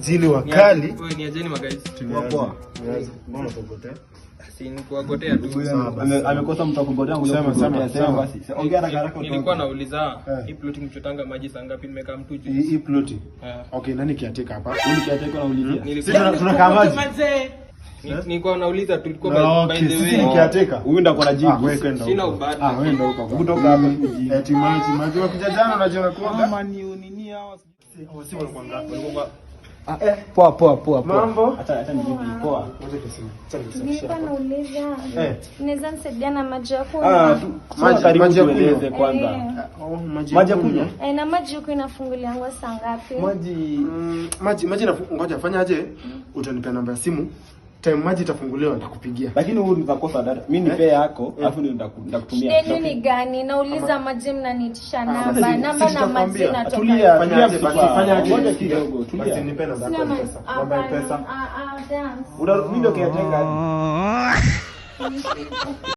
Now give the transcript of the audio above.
Jini wakali amekosa mtu akugotea ongea haraka haraka. Nilikuwa nauliza eh. hii ploti mchotanga maji saa ngapi? Nimekaa mtu juu hii ploti. Eh. Okay, nani kiateka hapa? Nini kiateka naulizia? Hmm? tunakaa maji. Eh? Nilikuwa nauliza tulikuwa by the way. Huyu ndo kuna jibu. Poa poa poa poa. Mambo? Hata hata ni vipi? Poa. Nilikuwa nauliza unaweza eh. nisaidia na maji ah, ya kunywa? Eh. Ah, oh, maji maji ya kunywa kwanza. Maji ya kunywa? Eh, na maji huko inafunguliangwa saa ngapi? Maji mm, maji maji inafunguliwa ngoja fanyaje aje? Mm. Utanipea namba ya simu time maji itafunguliwa nitakupigia. Lakini wewe unakosa dada. Mimi ni eh? pea yako, eh. alafu ndio nitakutumia. Ni nini gani? Nauliza maji mnanitisha ah, namba, namba na maji natoka. Tulia, aje basi fanya aje kidogo. Tulia. Basi nipe na zako pesa. ya pesa. Ah ah, dance. Unarudi ndio kiatenga.